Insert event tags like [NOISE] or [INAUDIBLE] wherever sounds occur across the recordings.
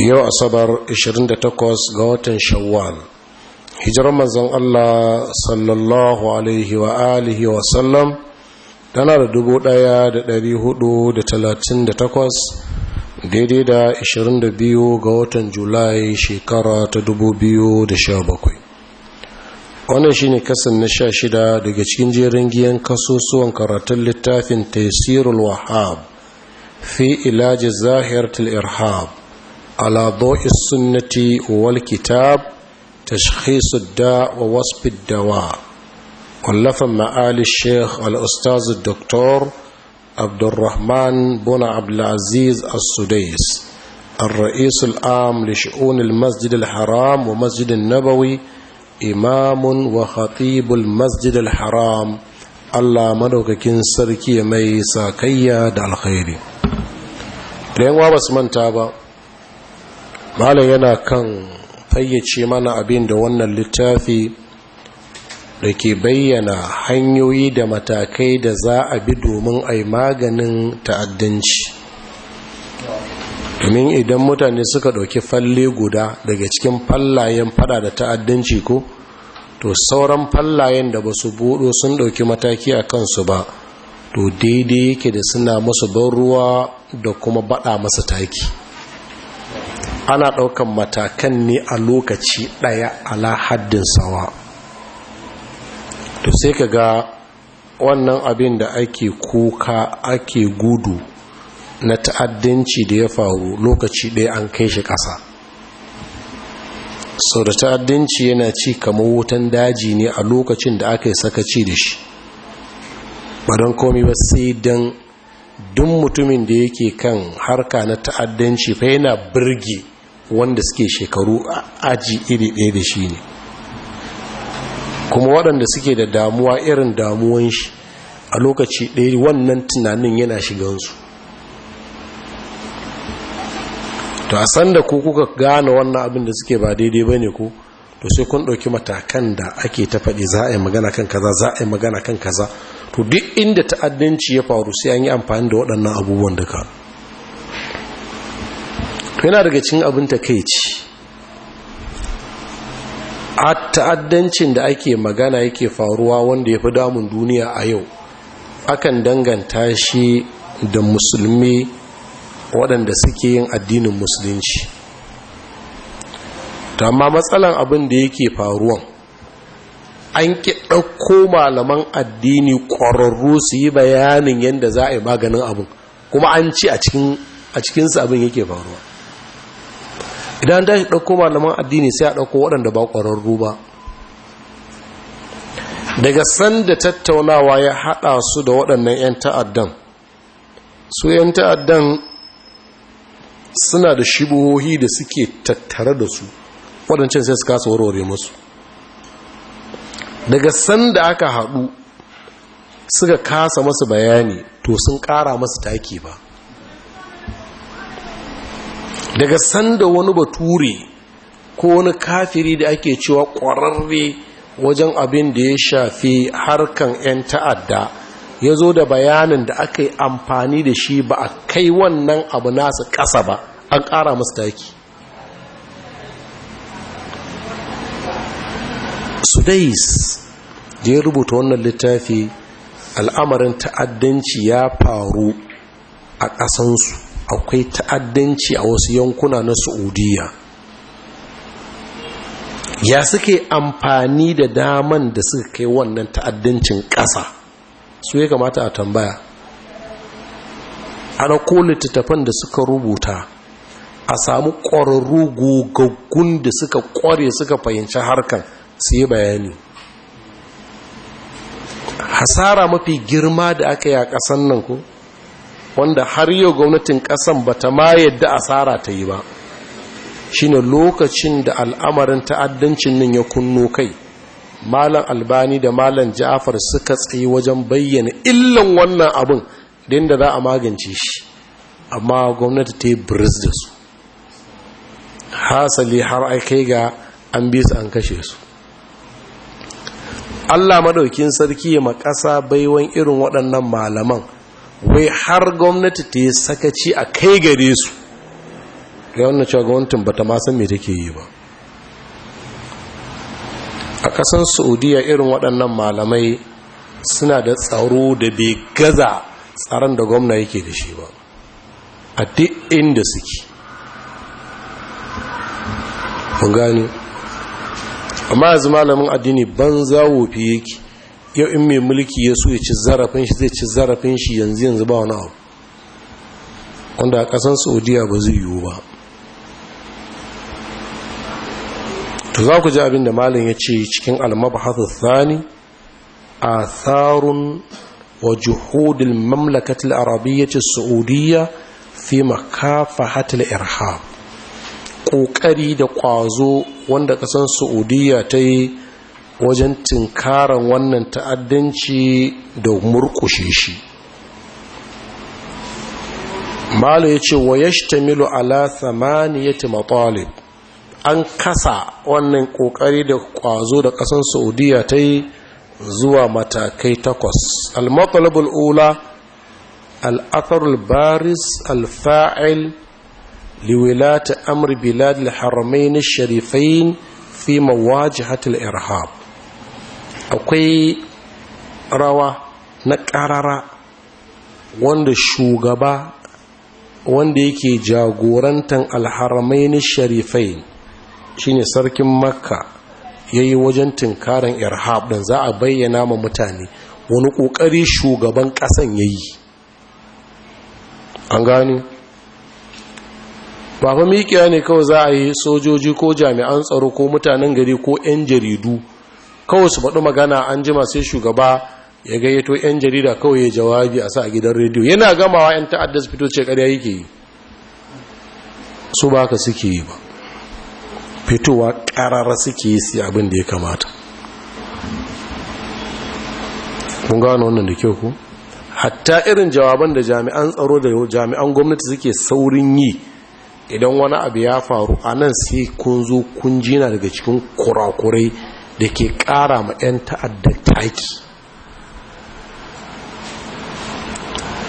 yau asabar 28 ga watan shawwal hijirar manzon Allah sallallahu alaihi wa alihi wa sallam tana da 1438 daidai da 22 ga watan julai shekara ta 2017 wannan shine kasan na sha shida daga cikin jerin giyan kasusuwan karatun littafin taisirul wahab fi ilajin zahirtul irhab على ضوء السنة والكتاب تشخيص الداء ووصف الدواء ولف معالي الشيخ الأستاذ الدكتور عبد الرحمن بن عبد العزيز السديس الرئيس العام لشؤون المسجد الحرام ومسجد النبوي إمام وخطيب المسجد الحرام الله madaukakin كن سركي ميسا كيا alkhairi da لين wa من تابا malam yana kan fayyace mana abin da wannan littafi da ke bayyana hanyoyi da matakai da za a bi domin a yi maganin ta'addanci domin idan mutane suka ɗauki falle guda daga cikin fallayen fada da ta'addanci ko to sauran fallayen da ba su buɗo sun ɗauki mataki a kansu ba to daidai yake da suna masu ban ruwa da kuma baɗa masa taki ana ɗaukan matakan ne a lokaci ɗaya ala haddin sawa to sai ka ga wannan abin da ake kuka ake gudu na ta'addanci da ya faru lokaci ɗaya an kai shi ƙasa sau da ta'addanci yana ci kamar wutan daji ne a lokacin da aka yi sakaci da shi ba don komi ba sai don duk mutumin da yake kan harka na ta'addanci fa yana birge wanda suke shekaru aji iri ɗaya da shi ne kuma waɗanda suke da damuwa irin damuwan shi a lokaci ɗaya wannan tunanin yana shigansu to a da ko kuka gane wannan abin da suke ba daidai ba ne ko to sai kun ɗauki matakan da ake ta faɗi za a yi magana kan kaza za a yi magana kan kaza to duk inda ta'addanci ya faru sai an yi amfani da waɗannan abubuwan da ka. yana daga cikin abin ci a ta'addancin da ake magana yake faruwa wanda ya fi damun duniya a yau akan danganta shi da musulmi waɗanda suke yin addinin musulunci amma matsalan abin da yake faruwan an ƙi ɗauko malaman addini ƙwararru su yi bayanin yadda za a yi maganin abin kuma an ci a cikinsu abin yake faruwa idan da shi ɗauko malaman addini sai a ɗauko waɗanda ba ƙwararru ba daga sanda tattaunawa ya haɗa su da waɗannan 'yan ta'addan su 'yan ta'addan suna da shibohi da suke tattare da su waɗancan sai su kasa warware musu daga sanda aka haɗu suka kasa masu bayani to sun ƙara masu taki ba daga sanda wani bature ko wani kafiri da ake cewa ƙwararre wajen abin da ya shafi harkan 'yan ta'adda ya zo da bayanin da aka yi amfani da shi ba a kai wannan abu nasu ƙasa ba an ƙara masu taki sudais da ya rubuta wannan littafi al'amarin ta'addanci ya faru a ƙasansu akwai ta'addanci a wasu yankuna na saudiya ya suke amfani da daman da suka kai wannan ta'addancin ƙasa su ya kamata a tambaya ana ko littattafan da suka rubuta a samu ƙwararru gogaggun da suka ƙware suka fahimci harkar, su yi bayani hasara mafi girma da aka yi a ƙasan nan ko wanda har yau gwamnatin kasan bata ma yadda asara ta yi ba shine lokacin da al'amarin ta'addancin nan ya kunno kai malam albani da malam Ja'afar suka tsaye wajen bayyana illan wannan abin da za a magance shi amma gwamnati ta yi biris da su hasali har aikai ga an bi su an kashe su allah madaukin sarki ya makasa baiwan irin waɗannan malaman wai har gwamnati ta yi sakaci a kai gare su ya wannan cewa gwamnatin ba ta masan mai take yi ba a kasan saudiya irin waɗannan malamai suna da tsaro da bai gaza tsaron da gwamna yake da shi ba a duk inda suke mun amma yanzu malamin addini ban zawo fi yake yau in mai mulki ya so ya ci zarafin shi zai ci zarafin shi yanzu yanzu ba wani abu wanda a ƙasan saudiya ba zai yiwu ba to za ku ji abin da malin ya ce cikin almabahatu Sani a tharun wa juhudin mamlakatul arabiyyatis saudiyya fi makafahatul irhab ƙoƙari da ƙwazo wanda ƙasar saudiya ta yi wajen tinkaran wannan ta'addanci da murkushe shi malo ya ce wa ya shtamilu ala samaniyati matalib an kasa wannan kokari da kwazo da kasan saudiya ta yi zuwa matakai takwas al ula al baris al-fa'il liwilata amr bilad al na al-sharifain fi mawajihatul irhab akwai rawa na ƙarara wanda shugaba wanda yake jagorantar alharamai na sharifai shine sarkin makka ya yi wajen tunkarin irhab ɗin za a bayyana ma mutane wani ƙoƙari shugaban ƙasan ya yi an gani ba fa miƙiya ne kawai za a yi sojoji ko jami'an tsaro ko mutanen gari ko 'yan jaridu kawai su faɗi magana an jima sai shugaba ya gayyato 'yan jarida kawai ya jawabi a sa a gidan rediyo yana gamawa 'yan ta'adda su fito ce ƙarya yake yi su ba ka suke yi ba fitowa ƙarara suke yi si abin da ya kamata kun gano wannan da kyau ku hatta irin jawaban da jami'an tsaro da jami'an gwamnati suke saurin yi idan wani abu ya faru a nan sai kun zo kun jina daga cikin kurakurai da ke ƙara ma 'yan ta'adda taki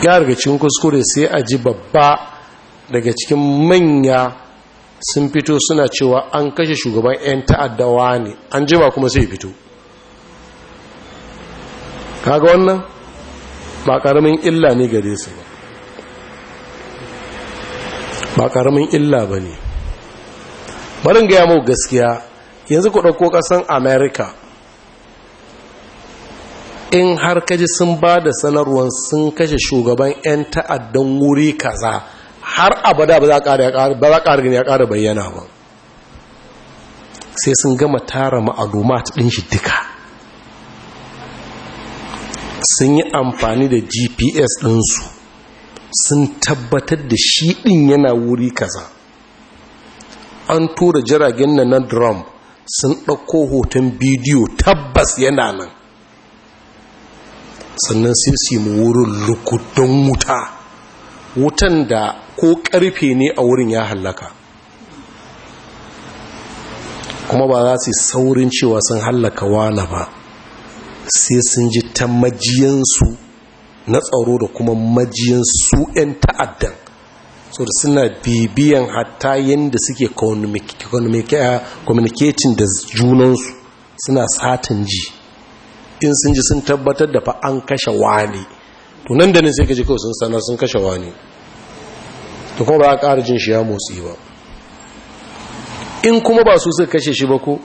ya daga cikin kuskure sai a ji babba daga cikin manya sun fito suna cewa an kashe shugaban 'yan ta'addawa ne an ji ba kuma sai fito kaga wannan ba ƙaramin illa ne gare su ba ba ƙaramin illa ba ne barin gaya mau gaskiya yanzu ku ɗauko ƙasan america in har kaji sun ba da sanarwar sun kashe shugaban 'yan ta'addan wuri kaza har abada ba za a ƙara gani ya ƙara bayyana ba sai sun gama tara ta ɗin shi duka sun yi amfani da gps ɗinsu sun tabbatar da shi ɗin yana wuri kaza an tura jiragen na na drum sun ɗauko hoton bidiyo tabbas yana nan sannan sai mu wurin lukudan wuta wutan da ko ƙarfe ne a wurin ya hallaka kuma ba za su saurin cewa sun hallaka wana ba sai sun ji ta majiyansu na tsaro da kuma majiyansu 'yan ta'addan so suna bibiyan hatta yadda suke communicating da junansu suna satin ji in sun ji sun tabbatar da fa an kashe wani to da ne sai ka kawai sun sana sun kashe wani to kuma ba a ƙara jin shi ya motsi ba in kuma ba su suka kashe shi ba ko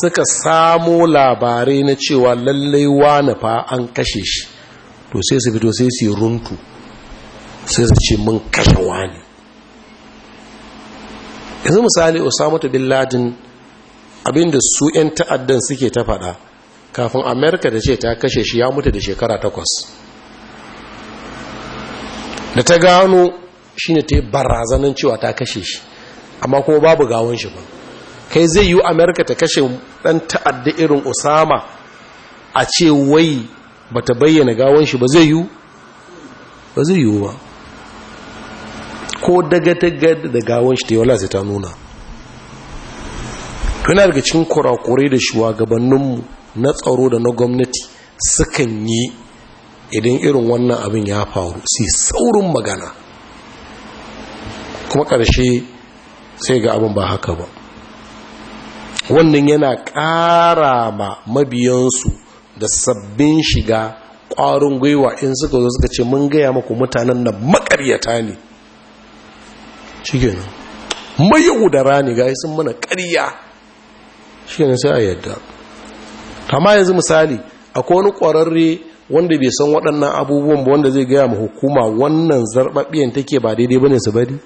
suka samo labarai na cewa lallai wani fa an kashe shi to sai su fito sai su yi runtu sai su ce mun kashe wani yanzu misali osamatu bin ladin abinda su 'yan ta'addan suke ta faɗa kafin amerika da ce ta kashe shi ya mutu da shekara takwas da ta gano shi ne ta yi barazanin cewa ta kashe shi amma kuma babu gawon shi ba kai zai yi amerika ta kashe ɗan ta'adda irin osama a ce wai ba ta bayyana gawon shi ba zai yi ba zai yi ba ko daga daga da gawon shi ta wala sai ta nuna tuna daga cikin kurakurai da shugabanninmu na tsaro da na gwamnati sukan yi idan irin wannan abin ya faru sai saurin magana kuma ƙarshe sai ga abin ba haka ba wannan yana ƙara ma mabiyansu da sabbin shiga ƙwarin gwiwa in suka zo suka ce mun gaya maku mutanen na makaryata ne nan mai yaudara ne ga sun mana ƙarya nan sai a yadda amma yanzu misali akwai wani ƙwararre wanda bai san waɗannan abubuwan ba wanda zai gaya ma hukuma wannan zarɓaɓɓiyan take ba daidai ba ne su bari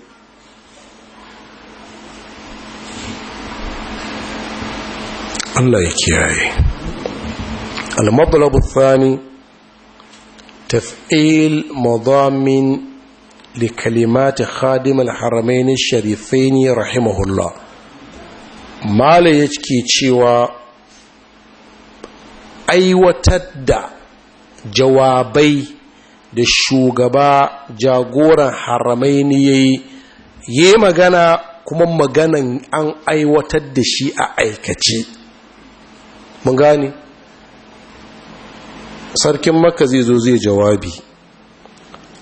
Allah ya kiyaye al-mablagu thani taf'il mazamin li kalimati khadim al-haramain sharifaini rahimahullah mala yake cewa aiwatar da jawabai da shugaba jagoran haramai ne yayi yi magana kuma maganan an aiwatar da shi a aikace mun gani sarkin maka zai zo zai jawabi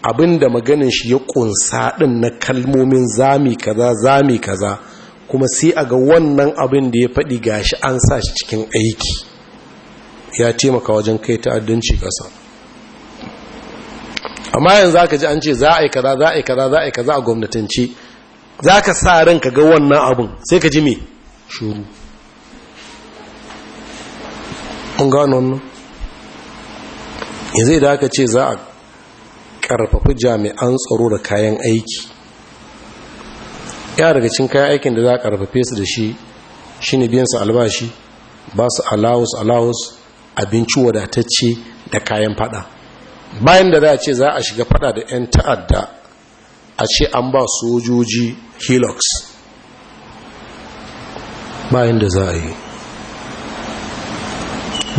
abinda maganin shi ya kunsa din na kalmomin zami kaza zami kaza kuma sai a ga wannan abin da ya faɗi gashi an sa shi cikin aiki ya taimaka wajen kai ta'addanci ƙasa amma yanzu aka ji an ce za a yi kaza za a yi kaza za a yi kaza a gwamnatance za ka sa ran ka ga wannan abin sai ka ji me shuru an gano wannan yanzu idan aka ce za a karfafi jami'an tsaro da kayan aiki ya daga cin kayan aikin da za a karfafe su da shi shi ne su albashi ba su allowance allowance abinci wadatacce da kayan fada bayan da za a ce za a shiga fada da 'yan ta'adda a ce an ba sojoji helix bayan da za a yi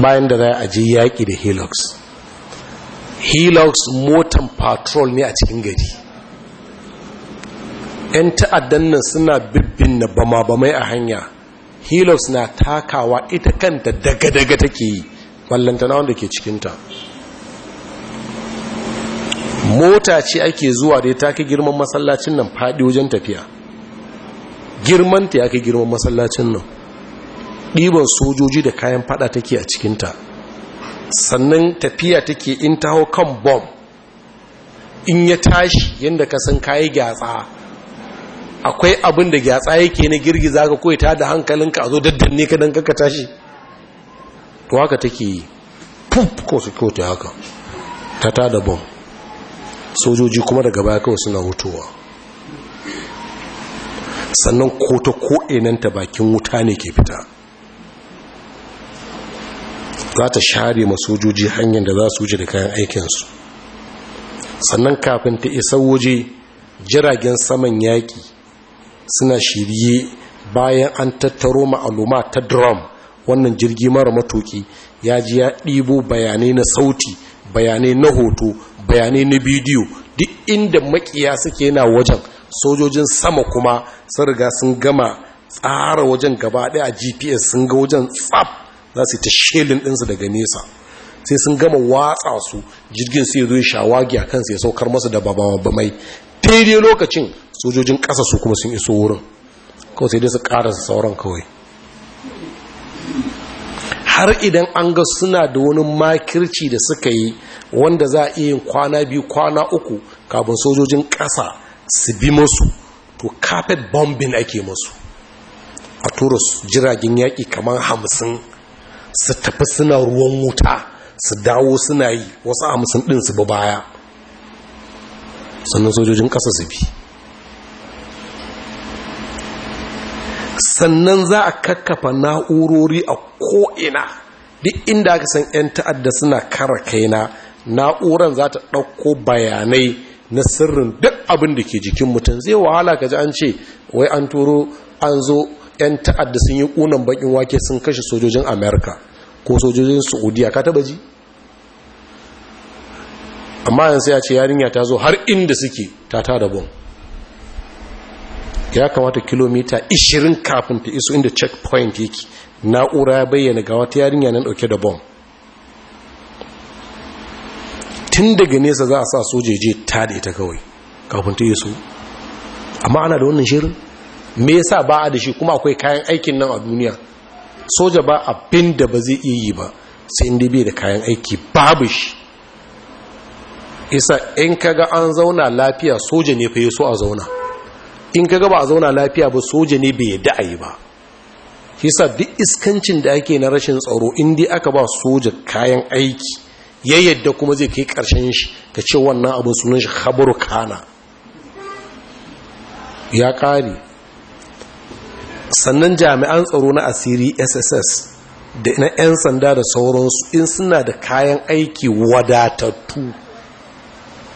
bayan da za a je yaƙi da helix hilux motan patrol ne a cikin gari yan ta'addan nan suna bibbin na bama-bamai a hanya hilux na takawa ita kanta daga-daga take yi ballantana wanda ke cikinta mota ce ake zuwa da ta ka girman masallacin nan fadi wajen tafiya girmanta ya ka girman masallacin nan ɗiban sojoji da kayan fada take a cikinta sannan tafiya take in taho kan bom in ya tashi yadda ka san kayi gyatsa akwai abin da gyatsa yake na girgiza ka kawai ta da hankalinka a zo daddanne ka don kaka tashi to haka take yi puf ko su kyoto haka ta ta da bom sojoji kuma daga baya kawai suna hutowa sannan kota ko'inanta bakin wuta ne ke fita za ta share masojoji hanyar da za su wuce da kayan aikinsu sannan kafin ta isa waje jiragen saman yaƙi suna shirye bayan an tattaro ma'aluma ta drum wannan jirgi mara matuki ya ji ya ɗibo bayanai na sauti bayanai na hoto bayanai na bidiyo duk inda makiya suke na wajen sojojin sama kuma sun riga sun gama tsara wajen gaba ɗaya a gps sun ga wajen tsab za su ta shelin ɗinsu daga nesa sai sun gama watsa su jirgin sai zo shawagi a kansu ya saukar masu da babawa mai daidai lokacin sojojin ƙasa su kuma sun iso wurin kawai sai dai su su sauran kawai har idan an ga suna da wani makirci da suka yi wanda za a iya kwana biyu kwana uku kafin sojojin ƙasa su bi masu to carpet bombing ake masu a turus jiragen yaƙi kamar hamsin su tafi suna ruwan wuta su dawo suna yi wasu amsin ɗin su bi baya sannan sojojin ƙasa su bi sannan za a kakkafa na'urori a ko'ina duk inda aka san 'yan ta'adda suna kara kaina na'uran za ta ɗauko bayanai na sirrin duk abin da ke jikin mutum zai wahala ka ji an ce wai an turo an zo 'yan ta'adda sun yi ƙunan bakin wake sun kashe sojojin amerika ko sojojin saudiya ka taba ji amma yanzu ya ce yarinya ta zo har inda suke ta tada bom ya kamata kilomita 20 kafin ta iso inda checkpoint yake na'ura ya bayyana ga wata yarinya nan dauke da bom tun daga nesa za a sa sojeje ta da ita kawai kafin ta iso amma ana da wannan shirin me yasa ba a da shi kuma akwai kayan aikin nan a duniya soja ba abin da ba zai iya yi ba sai inda bai da kayan aiki babu shi isa in kaga an zauna lafiya soja ne fa so a zauna in kaga ba a zauna lafiya ba soja ne bai yadda a yi ba hisa duk iskancin da ake na rashin tsaro in dai aka ba soja kayan aiki ya yadda kuma zai kai karshen shi ka ce wannan abin sunan shi khabaru kana ya kare sannan jami'an tsaro na asiri sss da na 'yan sanda da sauransu in suna da kayan aiki wadatattu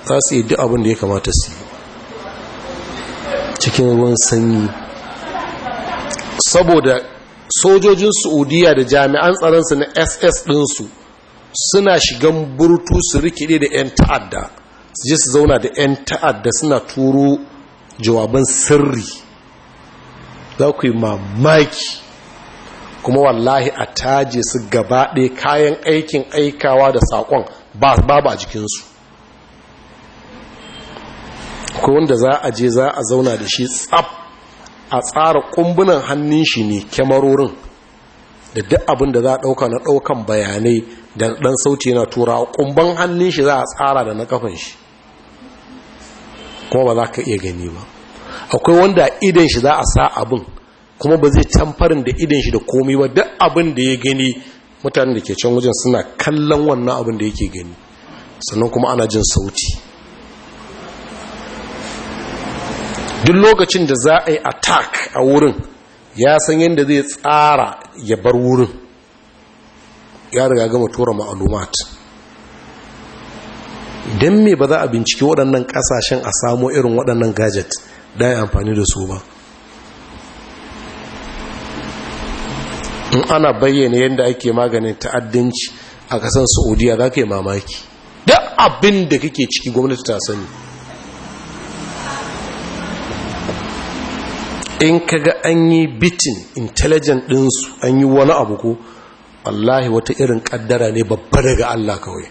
za su yi duk abin da ya kamata su yi cikin ruwan sanyi saboda sojojin saudiya da jami'an tsaronsu na ss su suna shigan burtu su rikide da 'yan ta'adda su je su zauna da 'yan ta'adda suna turo jawaban sirri za ku yi mamaki kuma wallahi a taje su gaba ɗaya kayan aikin aikawa da saƙon babu a jikinsu ko wanda za a je za a zauna da shi tsab a tsara ƙumbunan hannun shi ne kyamarorin da duk abin da za a ɗauka na ɗaukan bayanai da ɗan sauti yana tura kumban hannun shi za a tsara da na ƙafan shi kuma ba za ka iya gani ba akwai wanda idan shi za a sa abin kuma ba zai tamfarin da idan shi da komai ba duk abin da ya gani mutanen da ke can wajen suna kallon wannan abin da yake gani sannan kuma ana jin sauti duk lokacin da za a yi attack a wurin ya san yadda zai tsara ya bar wurin ya riga gama tura ma'alumat don me ba za a binciki waɗannan ƙasashen a samo irin waɗannan gadget da ya amfani da su ba in ana bayyana yadda ake maganin ta'addanci a kasan saudiya za ka yi mamaki duk abin da kake ciki gwamnati ta sani in ka ga an yi bitin intelligent dinsu an yi wani abu ko wallahi wata irin kaddara ne babba daga Allah kawai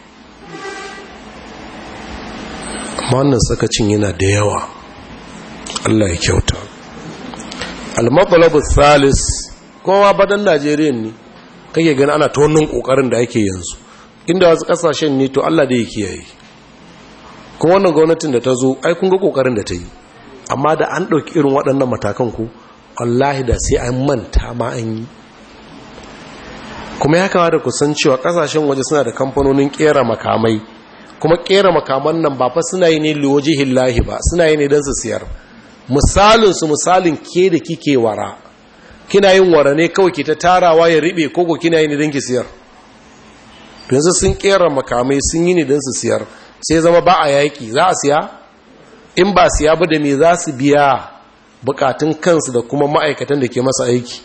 amma wannan sakacin yana da yawa Allah ya kyauta al salis thalis kowa badan Najeriya ne kake gani ana ta wannan kokarin da ake yanzu inda wasu kasashen ne to Allah da ya kiyaye kuma wannan gwamnatin da ta zo ai kun ga kokarin da ta yi amma da an ɗauki irin waɗannan matakan ku wallahi da sai an manta ma an yi kuma ya kama da kusan cewa kasashen waje suna da kamfanonin ƙera makamai kuma ƙera makaman nan ba fa suna yi ne lojihin lahi ba suna yi ne don su siyar misalinsu misalin ke da kike wara kina yin wara ne kawai ke ta tarawa ya riɓe koko kina yi ne don ki siyar yanzu sun kera makamai sun yi ne don su siyar sai zama ba a yaki za a siya in ba siya ba da me za su biya bukatun kansu da kuma ma'aikatan da ke masa aiki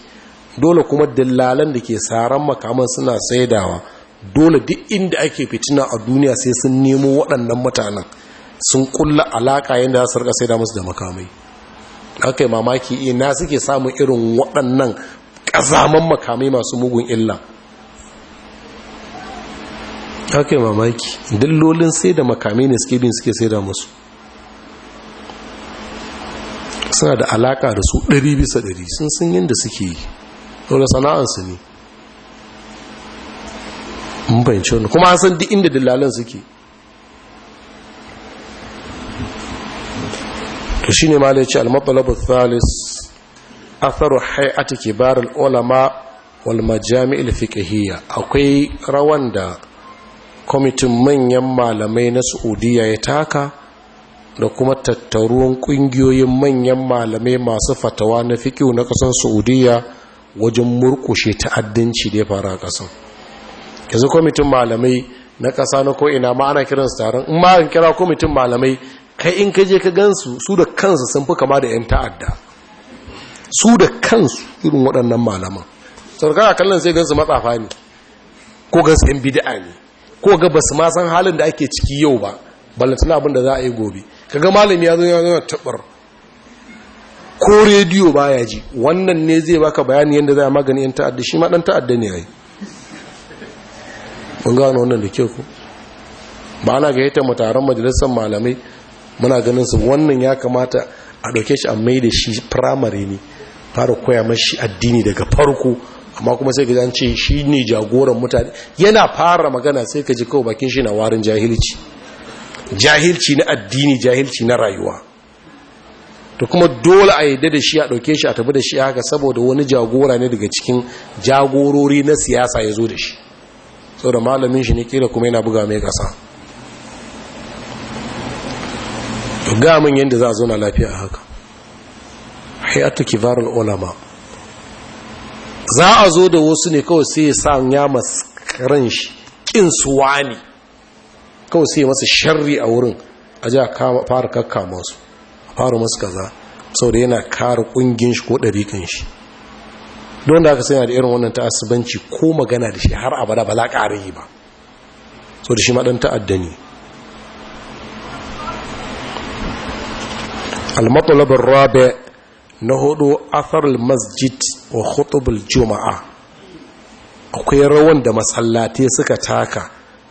dole kuma dillalan da ke saran makaman suna saidawa dole duk inda ake fitina a duniya sai sun nemo waɗannan mutanen sun kulla alaka yadda za su rika saida musu da makamai aka yi mamaki ina suke samun irin waɗannan ƙazaman makamai masu mugun illa aka yi mamaki dillolin sai da makamai ne suke bin suke sai da musu suna da alaka da su ɗari bisa ɗari sun sun yadda suke yi dole sana'ansu ne mun fahimci wani kuma an san duk inda dillalan suke to shine malai ce al-matlabu thalis atharu hay'ati kibar al-ulama wal majami' al-fiqhiyya akwai rawan da kwamitin manyan malamai na Saudiya ya taka da kuma tattaruwan kungiyoyin manyan malamai masu fatawa na fiqhu na kasar Saudiya wajen murkushe ta'addanci da ya fara kasan yanzu kwamitin malamai na kasa na ko ina ma ana kiransu taron in ma an kira kwamitin malamai kai in ka je ka gansu su da kansu sun fi kama da 'yan ta'adda su da kansu irin waɗannan malaman a kallon sai gansu matsafa ne ko gansu 'yan bida'a ne ko ga basu ma san halin da ake ciki yau ba ballantana abin da za a yi gobe kaga malami ya zo ya zama tabar ko rediyo baya ji wannan ne zai baka bayani yadda za a magani 'yan ta'adda shi ma ɗan ta'adda ne yi. mun gano wannan da ke ku ba ana gayyata mu mutaren majalisar malamai muna ganin su wannan ya kamata a ɗauke shi a mai da shi firamare ne fara koya mashi addini daga farko amma kuma sai gajan ce shi ne jagoran mutane yana fara magana sai ka ji kawai bakin shi na warin jahilci jahilci na addini jahilci na rayuwa to kuma dole a yadda da shi a ɗauke shi a tafi da shi haka saboda wani jagora ne daga cikin jagorori na siyasa ya zo da shi saboda malamin shi ne kira kuma yana buga mai kasa gamin yadda za a zo na lafiya a haka hayatu kibarun ulama za a zo da wasu ne kawai sai ya sa ya karin shi kin suwa ne kawai sai masu sharri a wurin a ji a fara kakkama su a fara masu kaza sau da yana kara kungin shi ko ɗabikan shi don da aka sanya da irin wannan ta'asibanci ko magana da shi har abada ba za ƙare yi ba sau da shi maɗan ta'adda ne al-matlab na hudu athar al-masjid wa khutub jumaa akwai rawan da masallatai suka taka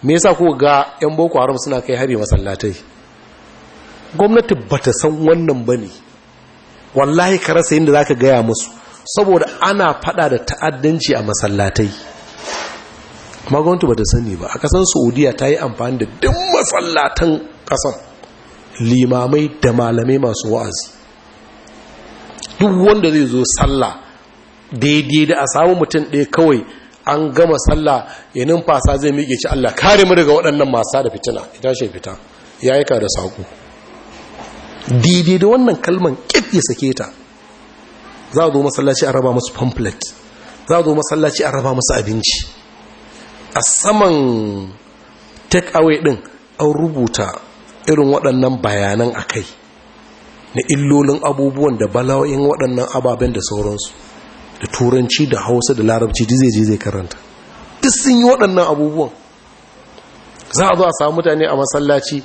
me yasa ku ga yan boko haram suna kai hari masallatai gwamnati bata san wannan bane wallahi ka rasa yadda zaka gaya musu saboda ana fada da ta'addanci a masallatai magwantu bata sani ba a kasan saudiya ta yi amfani da duk masallatan kasan limamai da malamai masu wa'azi duk wanda zai zo sallah daidai da a samu mutum ɗaya kawai an gama sallah ya numfasa zai miƙe ci Allah kare mu daga waɗannan masu da fitina ita shi fita ya yi da saƙo daidai da wannan kalman ƙit ya sake ta za a zo masallaci a raba masu pamphlet za a zo masallaci a raba masu abinci a saman take away ɗin an rubuta irin waɗannan bayanan a kai na illolin abubuwan da bala'o'in waɗannan ababen da sauransu da turanci da hausa da larabci da zai je zai karanta duk sun yi waɗannan abubuwan za a zo a samu mutane a masallaci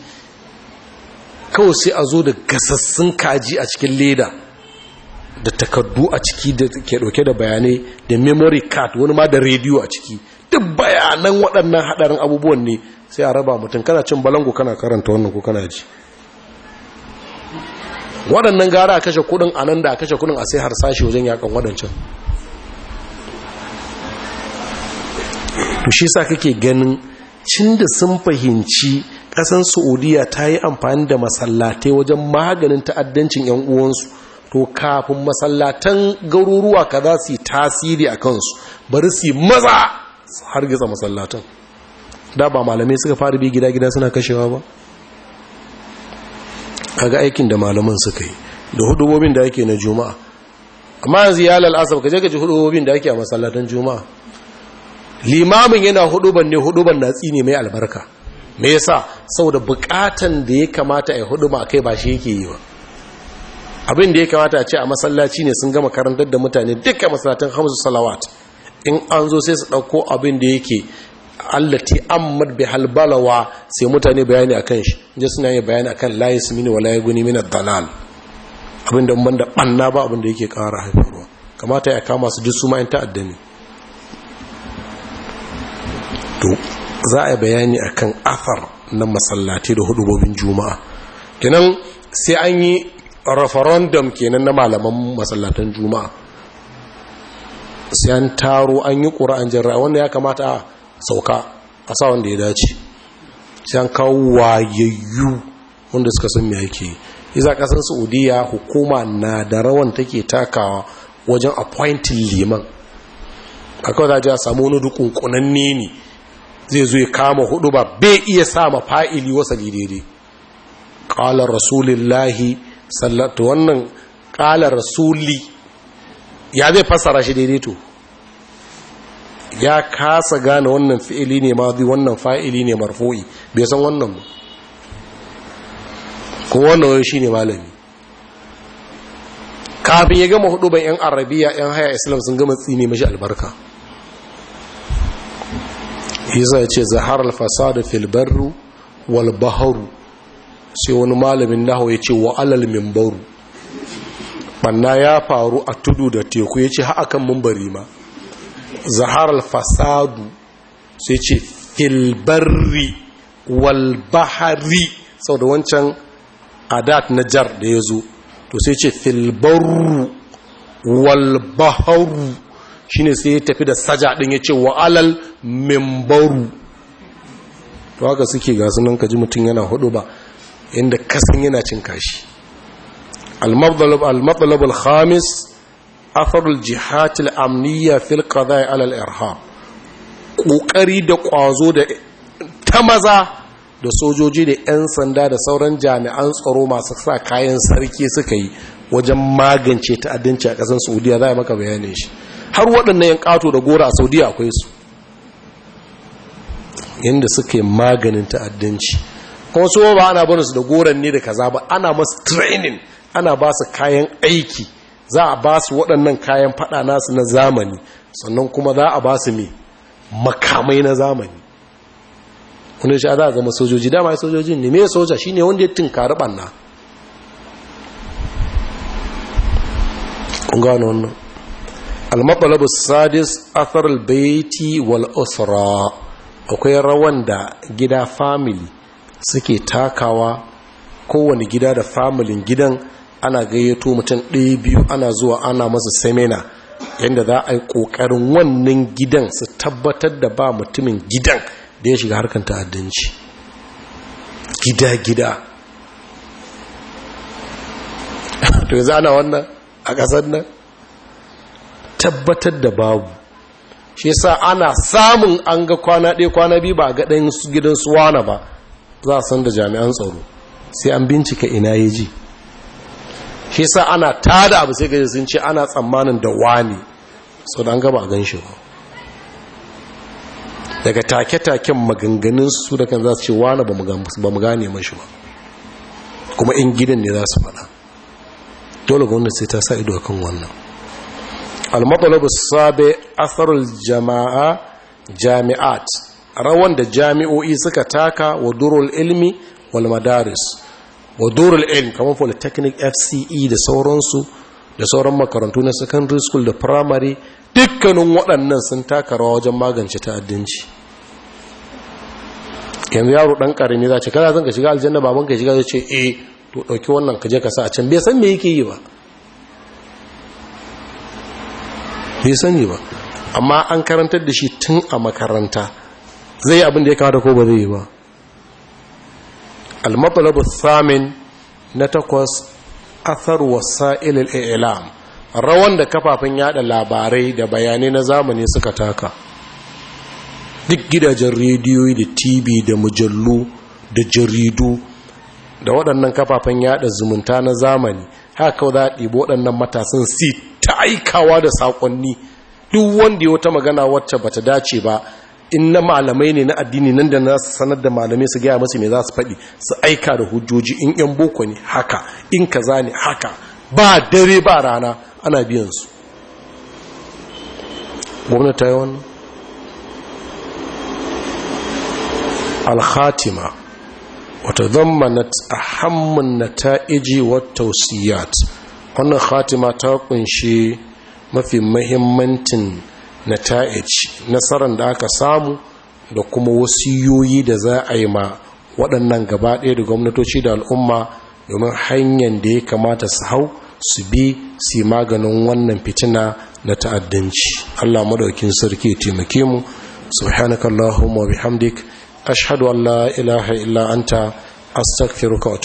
kawai sai a zo da gasassun kaji a cikin leda da takardu a ciki da ke ɗauke da bayanai da memory card wani ma da rediyo a ciki duk bayanan waɗannan haɗarin abubuwan ne sai a raba mutum kana cin balangu kana karanta wannan ko kana ji waɗannan gara a kashe kudin a nan da a kashe kudin a sai harsashi wajen yakan waɗancan tushe sa kake ganin cin da sun fahimci ƙasan saudiya ta yi amfani da masallatai wajen maganin ta'addancin 'yan uwansu to kafin masallatan garuruwa ka za su yi tasiri a kansu bari su yi maza Har hargitsa masallatan da ba malamai suka fara bi gida-gida suna kashewa ba kaga aikin da malamin suka yi da hudubobin da ake na juma'a amma yanzu ya lalasa ka je ka ji hudubobin da ake a masallatan juma'a limamin yana huduban ne huduban na ne mai albarka me yasa saboda bukatan da ya kamata a huduma kai ba shi yake yi ba abin da ya kamata a ce a masallaci ne sun gama karantar da mutane duka masallatan hamsu salawat in an zo sai su ɗauko abin da yake allati ammad bi halbalawa sai mutane bayani akan shi je suna yi bayani akan su mini wala yaguni guni mini dalal abinda ban da banna ba abinda yake ƙara haifarwa kamata ya kama su jisu ma'in ma ta'adda ne to za a bayani akan athar na masallati da hudubobin juma'a kenan sai an yi referendum kenan na malaman masallatan juma'a sai an taro an yi ƙura'an jarra wanda ya kamata a sauka a sa wanda ya dace sai an kawo wayayyu wanda suka san me yake iza kasan saudiya hukuma na da rawan take takawa wajen appointing liman a kawai za a ji a samu wani dukunkunanne ne zai zo ya kama hudu ba bai iya sa ma fa'ili wasali daidai ƙalar rasulillahi sallatu wannan ƙalar rasuli ya zai fassara shi daidaito ya kasa gane wannan fi'ili ne ma wannan fa'ili ne marfo'i bai san wannan ba ko wannan wani shi ne malami kafin ya gama hudu ban 'yan arabiya 'yan haya islam sun gama tsine mashi albarka isa ya ce zahar alfasadu filbarru walbaharu sai wani malamin nahawa ya ce wa'alal min mimbaru banna ya faru a tudu da teku ya ce ha'akan mumbari ma zaharar fasadu sai ce filbarri walbahari sau da wancan adat na jar da ya zo to sai ce filbarru walbaharu shine sai ya tafi da saja ɗin ya ce wa'alal membaru to haka suke gasu nan kaji mutum yana hudu ba inda kasan yana cin kashi المطلب الخامس أثر الجهات الأمنية في القضاء على الإرهاب ƙoƙari da ƙwazo da ta maza da sojoji da 'yan sanda da sauran jami'an tsaro masu sa kayan sarki suka yi wajen magance ta'addanci a ƙasar saudiya za a maka bayanin shi har waɗannan yan ƙato da gora a saudiya akwai su yadda suka yi maganin ta'addanci kuma su ba ana bonus da goron ne da kaza ba ana masu training ana ba su kayan aiki za a ba su waɗannan kayan fada nasu na zamani sannan kuma za a ba su mai makamai na zamani wani sha za a zama sojoji dama ya sojojin ne mai soja shi ne wanda ya tunkari ɓanna gano wannan maɓalabu sadis athar baiti wal usra akwai rawan da gida family suke takawa kowane gida da familin gidan ana gayyato mutum ɗaya biyu ana zuwa ana masa semina yadda za a yi ƙoƙarin wannan gidan su tabbatar da ba mutumin gidan da ya shiga harkar ta'addanci gida-gida [LAUGHS] to yanzu ana wannan a ƙasar nan tabbatar da babu shi sa ana samun an ga kwana ɗaya kwana biyu ba a gaɗayin gidan wana ba za a san da jami'an tsaro sai an bincika ina ya ji shi sa ana tada abu sai gaji sun ce ana tsammanin da wani so da an gaba a ganshi ba daga take-taken maganganun su da kan za su ce wani ba mu gane mashi ba kuma in gidan ne za su faɗa dole gwamnati sai ta sa ido kan wannan almatsalabu sabe asarul jama'a jami'at rawan da jami'o'i suka taka wa durul ilmi wal madaris wa durul ilm kamar polytechnic fce da sauransu da sauran makarantu na secondary school da primary dukkanin waɗannan sun taka rawa wajen magance ta'addanci yanzu yaro ɗan ƙarami za ce kada zan ka shiga aljanna baban ka shiga zai ce eh to ɗauki wannan ka je ka sa a can bai san me yake yi ba bai sani ba amma an karantar da shi tun a makaranta zai abin da ya kawo da ko ba zai yi ba المطلب na نتقص أثر وسائل الإعلام rawan da kafafen yada labarai da bayanai na zamani suka taka duk gidajen rediyo da tv da mujallu da jaridu da waɗannan kafafen yada zumunta na zamani haka za a ɗibo waɗannan matasan si ta aikawa da saƙonni duk wanda ya wata magana wacce bata dace ba in na malamai ne na addini nan da na sanar da malamai su gaya masu mai za su faɗi su aika da hujjoji in yan boko ne haka in kaza ne haka ba dare ba rana ana biyan su gwamnati ta yi wani. alhatima wata zammanat a hamman na ta iji wata wannan hatima ta kunshi mafi mahimmancin na nasarar da aka samu da kuma wasiyoyi da za a yi ma waɗannan gaba ɗaya da gwamnatoci da al'umma domin hanyar da ya kamata su hau su bi su maganin wannan fitina na ta'addanci allah madaukin sarki ya taimake mu subhanakallahumma bihamdik ashhadu an la ilaha illa anta astaghfiruka